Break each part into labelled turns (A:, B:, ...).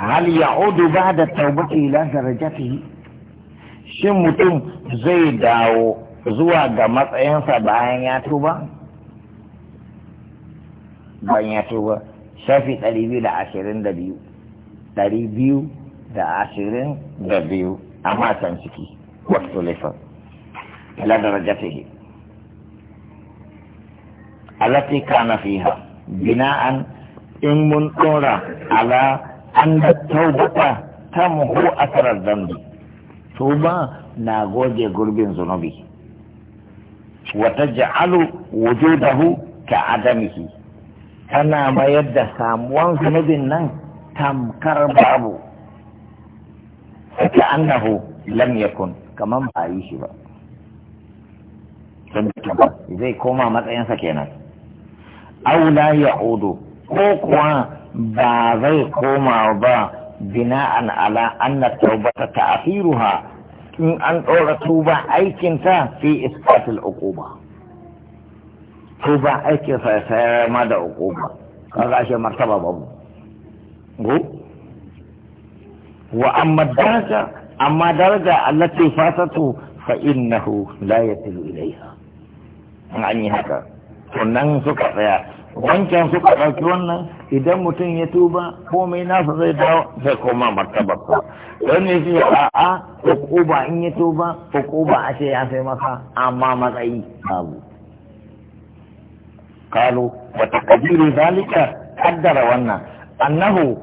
A: hal ya'udu ba'da tawbati ila darajatihi shin mutum zai dawo zuwa ga matsayinsa bayan ya tuba bayan ya tuba shafi ɗari biyu da ashirin da biyu ɗari biyu da ashirin da biyu a matan ciki wato lifar ila darajatihi alati kana fiha bina'an in mun tsora ala an da taubata ta muhu asarar zambi tuba na goge gurbin zunubi wata ja'alu wujudahu ka adamihi tana mayar da samuwan zunubin nan tamkar babu ka annahu lam yakun kaman ba yi shi ba zai koma matsayinsa kenan aula odo ko kuwa بازي كوما وبا بناء على أن التوبة تأثيرها من أن أولى توبة أي كنت في إثبات العقوبة توبة أي كنت ماذا عقوبة هذا شيء مرتبة بابو وأما الدرجة أما درجة التي فاتته فإنه لا يتل إليها يعني هكذا nan suka tsaya wancan suka ɗauki wannan idan mutum ya tuba komai nasa zai dawo zai koma martaba ko don ne su a'a hukuba in ya tuba hukuba a ce ya sai masa amma matsayi babu kalu wata kabiru zalika kaddara wannan annahu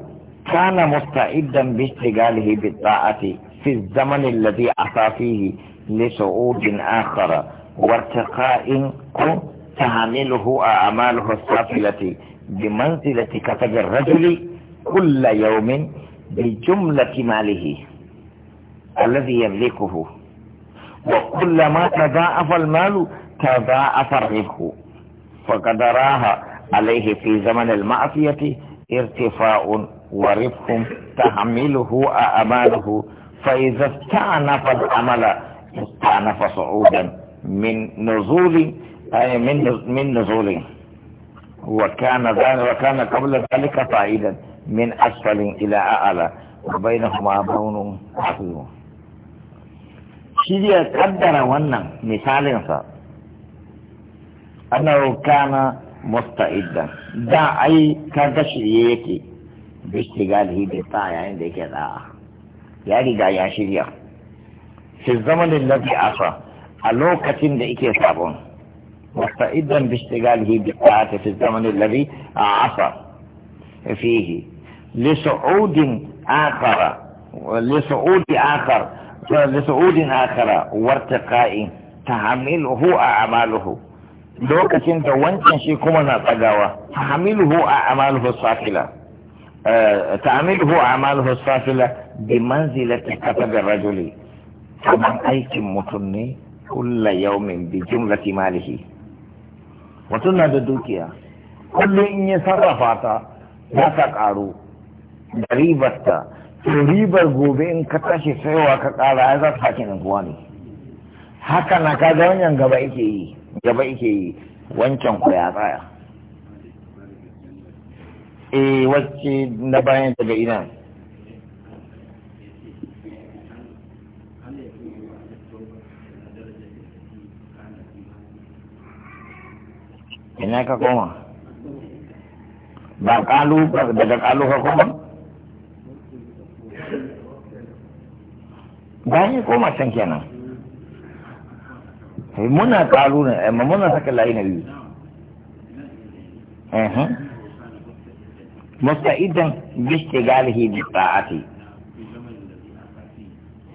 A: kana musta'iddan bi istigalihi bi ta'ati fi zaman alladhi asa fihi li su'udin akhara wartiqa'in kun تحمله أعماله السافلة بمنزلة كتب الرجل كل يوم بجملة ماله الذي يملكه وكلما تضاعف المال تضاعف الربح فقد راها عليه في زمن المعصية ارتفاع ورفق تحمله أعماله فإذا استعنف العمل استعنف صعودا من نزول أي من من نزول وكان وكان قبل ذلك صعيدا من أسفل إلى أعلى وبينهما بون عظيم شيء قدر ونن مثال أنه كان مستعدا دا أي كان تشريكي باشتغاله بالطاعة عند كذا يعني دا يا شريك في الزمن الذي عصى a lokacin da ike sabon مستئذا باشتغاله بالطاعة في الزمن الذي عصر فيه لصعود آخر لصعود آخر لصعود آخر وارتقاء تحمله أعماله لو كنت وانتن شي كمنا تقاوى تحمله أعماله الصافلة آه، تعمله أعماله الصافلة بمنزلة كتب الرجل فمن أيك متني كل يوم بجملة ماله mutum na da dukiya kullum in ya sarrafa ta za ta ƙaru da ribar ta to ribar gobe in ka tashi saiwa ka kara ya za ta sake kuwa ne haka na ka ga wancan gaba ike yi gaba yi wancan ku ya tsaya eh wacce na bayan daga ina ina ka koma ba kalu daga kalu ka koma bayan ya koma can kenan eh, muna kalu ne amma eh, muna saka layi na biyu musta'idan galihi da ta'ati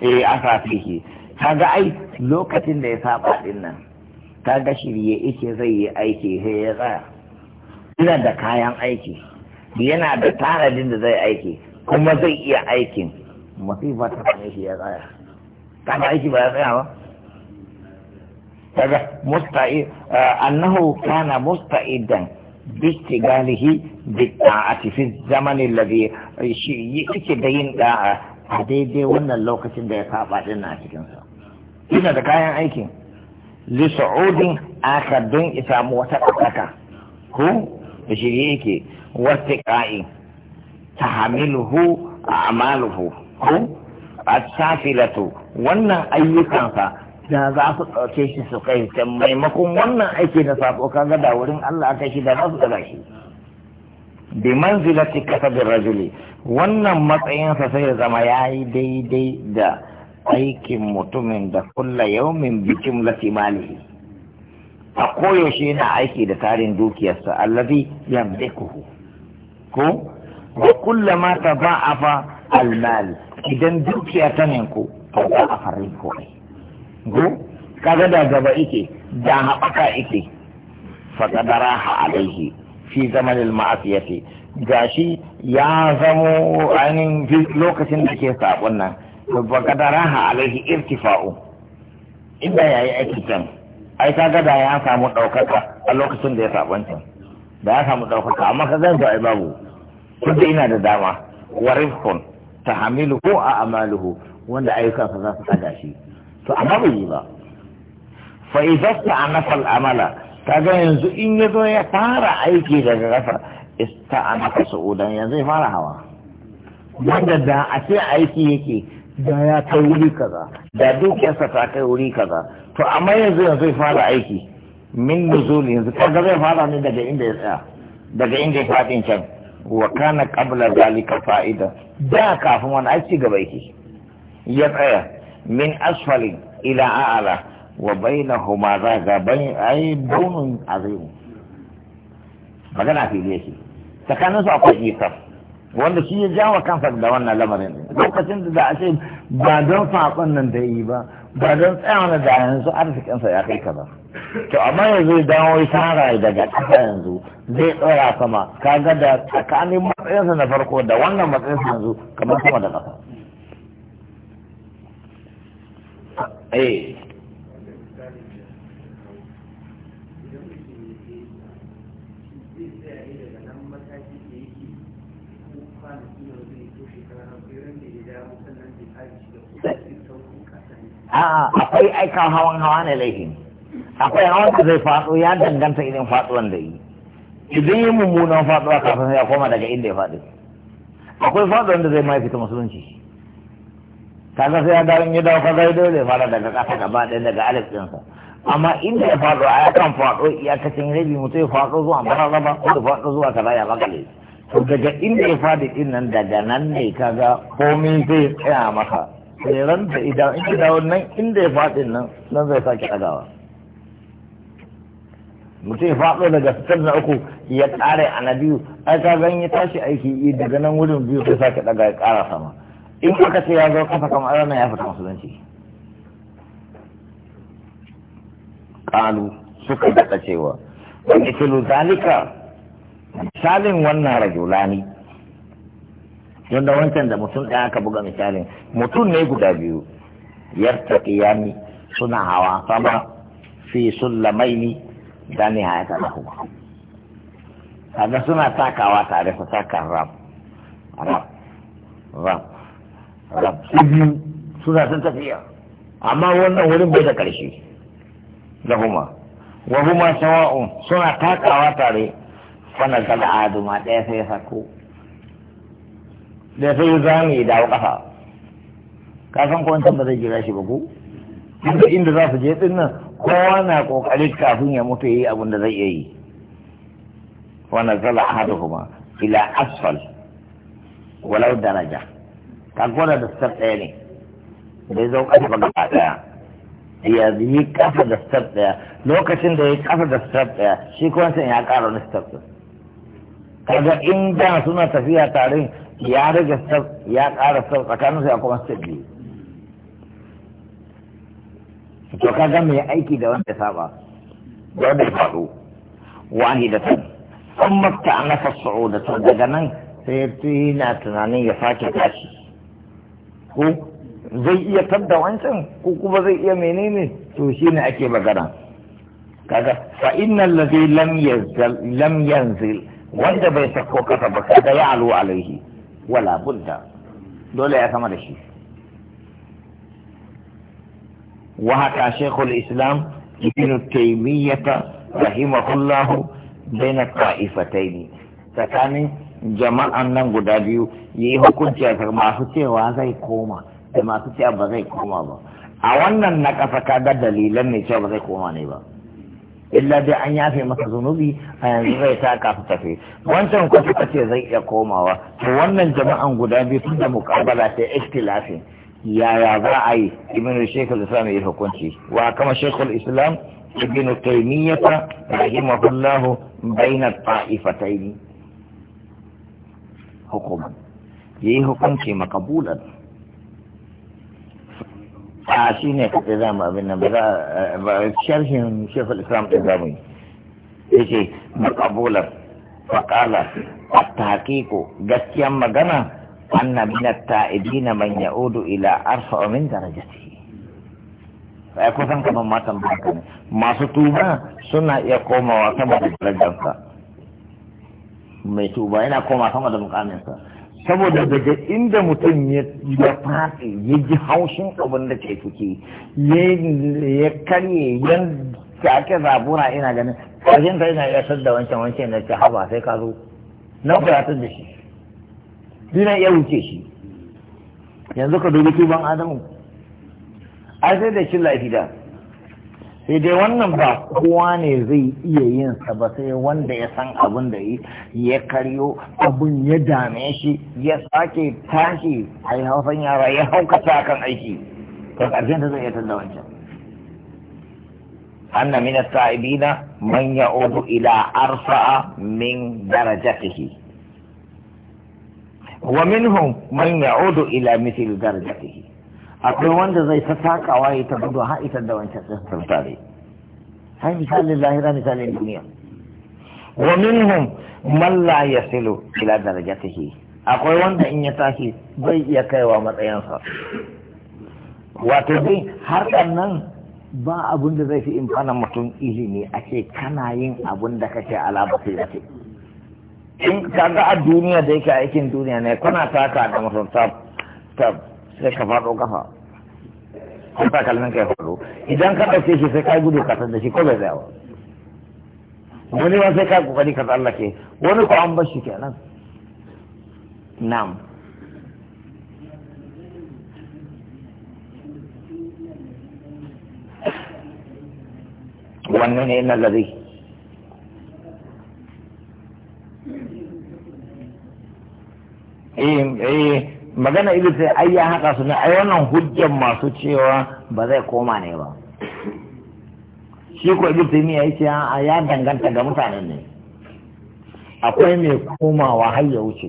A: eh asafihi kaga ai lokacin da ya saba din nan ta ga shirye ike zai yi aiki sai ya tsaya ina da kayan aiki yana da tanadin da zai aiki kuma zai iya aikin masifa ta kane shi ya tsaya kana aiki ba ya tsaya ba kaga musta'i annahu kana musta'idan galihi bi ta'ati fi zamanin alladhi shi yake da yin da'a a daidai wannan lokacin da ya saba din a cikin sa ina da kayan aikin lisaudin su'udin akhar don isamu wata ɗaukaka ko da shi yake wata ƙa'i ta hamiluhu a amaluhu ko a safilatu wannan ayyukansa da za su ɗauke shi su kai can maimakon wannan aiki na sako kan da wurin Allah aka shi da za su ɗaga shi bi manzilati kasabin rajuli wannan matsayinsa sai ya zama ya yi daidai da aikin mutumin da kulla yaumin bikin latimalihi a koyaushe yana aiki da tarin dukiyarsa allazi yamlikuhu ko wa kulla ma fa almal idan dukiya ta a tada'afa ko ai go kaga da gaba ike da haɓaka ike faƙadaraha alaihi fi zamanin ma'asiyati gashi ya zamo ainihin lokacin da ke saɓon nan وقد raha alaihi irtifa'u inda ya yi aiki can ai ka ga ya samu daukaka a lokacin da ya sabanta da ya samu ɗaukaka amma ka zan ai babu da ina da dama wa rifkun ta ko a amaluhu wanda ayyuka sa za su ɗaga shi to amma bai yi ba fa idasta anafal amala kaga yanzu in ya zo ya fara aiki daga ƙasa ista anafa su'udan yanzu ya fara hawa wanda da a ce aiki yake da ya kai wuri kaza da dukiyarsa ta kai wuri kaza to amma yanzu yanzu zai fara aiki min nuzul yanzu kaga zai fara ne daga inda ya tsaya daga inda ya fadin can wa kana qabla zalika fa'ida da kafin wani aiki gaba yake ya tsaya min asfali ila a'ala wa bainahuma zaga bain ai bunun azim magana fili yake su akwai isar wanda shi ya jawa kansa da wannan lamarin lokacin da a ce ba don saƙon nan da yi ba ba don tsayawa da yanzu arzikinsa ya kai kaza to amma yanzu ya dawo ya tara daga ƙasa yanzu zai tsora sama kaga da tsakanin matsayinsa na farko da wannan matsayinsa yanzu kamar sama da ƙasa eh a'a akwai aikan hawan hawa ne laifin akwai hawan da zai faɗo ya danganta irin faɗuwan da yi idan yi mummunan faɗuwa kafin ya koma daga inda ya faɗi akwai faɗuwan da zai ma fita musulunci kaga sai ya dawo ya dawo kaga dole ya fara daga ƙasa gaba ɗaya daga alif ɗinsa amma inda ya faɗo a yakan faɗo iyakacin rabi mutum ya faɗo zuwa mararraba ko da faɗo zuwa kaza ya makale to daga inda ya faɗi ɗin nan daga nan ne kaga komai zai tsaya maka sai ran da idan in dawo nan inda ya faɗi nan nan zai sake ɗagawa mutum ya faɗo daga fitar na uku ya ƙare a na biyu ai ka gan ya tashi aiki daga nan wurin biyu sai sake ɗaga ya ƙara sama in aka ce ya zo kafa kamar ranar ya fita musulunci ƙalu suka daɗa cewa wani kilu zalika misalin wannan rajulani don da wancan da mutum ɗaya aka buga misalin mutum ne guda biyu yartaqiyani suna hawa sama fi sullamaini da nihayata lahu kaga suna takawa tare su taka rab rab rab rab biyu suna sun tafiya amma wannan wurin bai da ƙarshe da kuma wa kuma sawa'un suna takawa tare wannan kada adu ma ɗaya sai ya sako da sai mu yi dawo ƙafa kafin kwantar ba zai jira shi ba ku inda inda za su je din nan kowa na kokari kafin ya mutu yi abin da zai iya yi wa haɗu kuma ila asfal walau daraja ka gwada da sar ɗaya ne bai zo ƙasa ba gaba ɗaya ya yi ƙasa da sar ɗaya lokacin da ya yi ƙasa da sar ɗaya shi kuma sai ya ƙara wani sar ɗaya kaga in da suna tafiya tare ya rage sab, ya ƙara tsakanin su, ya kuma step biyu to kaga mai aiki da wanda saba da wanda faɗo ta, an mafta a nafa ta, daga nan sai ya na tunanin ya sake tashi ko zai iya tadda wancan ko kuma zai iya menene to shi ne ake magana kaga fa innal ladhi lam yanzil wanda bai sako kasa ba kada ya alu alaihi wala budda dole ya sama da shi wa haka shaykhul islam ibn taymiyyah rahimahullah بين الطائفتين tsakanin jama'an nan guda biyu ya yi hukunci a masu cewa zai koma da masu cewa ba zai koma ba a wannan na ka kaga dalilan ne cewa ba zai koma ne ba illa dai an yafe masa zunubi a yanzu zai ta kafa tafi wancan ko suka ce zai iya komawa to wannan jama'an guda biyu tun da mukabala sai ikhtilafin yaya za a yi ibn shaykhul islam ya hukunci wa kama shaykhul islam ibn taymiyyah rahimahullahu bayna ta'ifataini hukuman yayi hukunci makabulan a shi ne kaɗai za mu abin nan ba za a sharhin shekul islam ɗin za mu yi ya ce makabular faƙala a taƙiƙo gaskiyan magana anna min at-ta'ibina man ya'udu ila arfa'a min darajatihi sai kusan kamar matan baka ne masu tuba suna iya komawa sama da darajarsa mai tuba yana koma sama da mukaminsa saboda daga inda mutum ya fasi ya ji haushin abin da ke ciki ya karye yan ake zabura ina ganin ƙarshen ta ina yasar da wancan wancan na ce haba sai ka zo na kuyatar da shi dina iya wuce shi yanzu ka dubi tuban adamu ai sai da shi da. sai dai wannan ba kowa ne zai iya yin sa ba sai wanda ya san abin da ya karyo abin ya dame shi ya sake tashi a hausan yara ya haukata kan aiki to ƙarshen ta zai iya tunda wancan anna min saibina man ya'udu ila arfa'a min darajatihi wa minhum man ya'udu ila ta darajatihi akwai wanda zai ta takawa ya ta gudu har ita da wancan sun tare hai misalin lahira misalin duniya
B: wa minhum
A: man la yasilu ila darajatihi akwai wanda in ya tashi bai iya kaiwa matsayin sa wato dai har nan ba abun da zai fi imfana mutum ilimi a ce kana yin abun da kake alaba sai da in kaga a duniya da yake aikin duniya ne kana taka da mutum ta, ta sai ka faɗo kafa ko takalmin ka ya faɗo idan ka ɗauke shi sai ka gudu ka da shi ko bai tsaya ba wani ma sai ka kokari ka tsallake wani ko an bar shi kenan na'am wannan ne na lari magana ido sai ai ya haɗa su ne ai wannan hujjan masu cewa ba zai koma ne ba shi ko ibn taymiya yace a ya danganta ga mutanen ne akwai mai komawa har ya wuce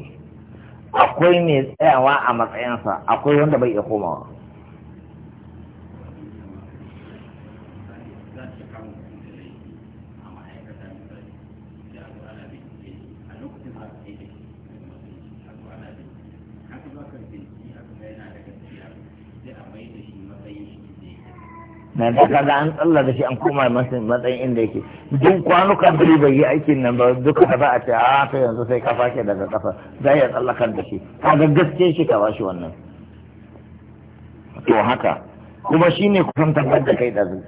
A: akwai mai tsayawa a matsayinsa akwai wanda bai iya komawa na da ka da an tsalla da shi an koma matsayin inda yake duk kwanuka biri bai yi aikin nan ba duka da za a ce a ah, ta yanzu sai ka fashe daga kafa za ya tsallakar da shi ga gaske shi ka bashi wannan to haka kuma shine kusan tabbar da kai ɗazu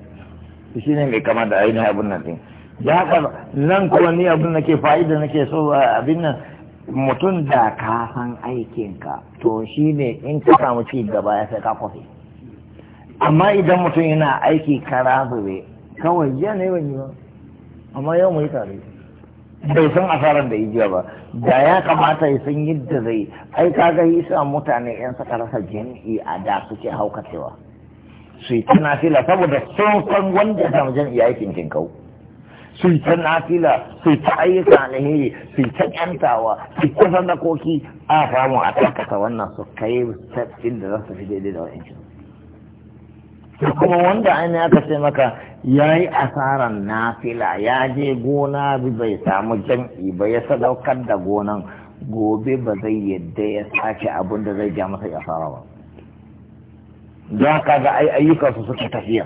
A: shi ne mai kama da ainihin abin nan ɗin ya haka nan kuma ni abin nake fa'ida nake so abin nan mutum da ka san aikinka to shi ne in ka samu ci gaba ya sai ka kwafi amma idan mutum yana aiki kara zube kawai jiya ne ban yi ba amma yau mu tare bai san asarar da jiya ba da ya kamata ya san yadda zai ai kaga yi sa mutane yan saka rasa jami'i a da suke haukacewa su yi saboda sun san wanda ya samu jami'i aikin su yi ta nafila su yi ta ayyuka alheri su yi ta yantawa su yi ta sadakoki a samu a karkasa wannan su kai sattin da za su fi daidai da wa'ancin kuma wanda ainihin aka ce maka ya yi asarar nafila ya je gona bai samu jam'i ba ya sadaukar da gonan gobe ba zai yadda ya sake abin da zai ja masa asara ba don ka ga su suka tafiya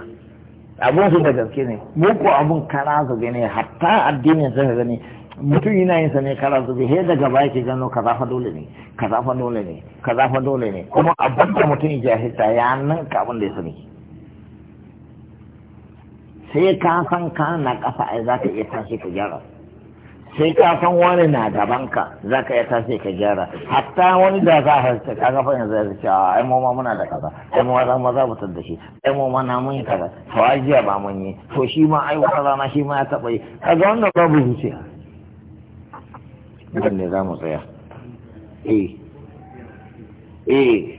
A: abun su da gaske ne muku abin kara su gane hatta addinin sun gani mutum yana yin sa ne kara su bai daga baya ke gano kaza fa dole ne kaza fa dole ne kaza fa dole ne kuma abin da mutum ya jahilta ya nan ka abin da ya sani sai ka san ka na kafa ai za ka iya tashi ka gyara sai ka san wani na gaban ka za ka iya tashi ka gyara hatta wani da za a harce ka kafa yanzu ya ce a ah, ai mu ma muna da kaza ai mu za mu za mu tar shi ai mu ma na mun yi kaza to ajiya ba mun yi to shi ma ai wata rana shi ma ya taɓa yi kaga wannan babu zuciya nan ne za mu tsaya eh eh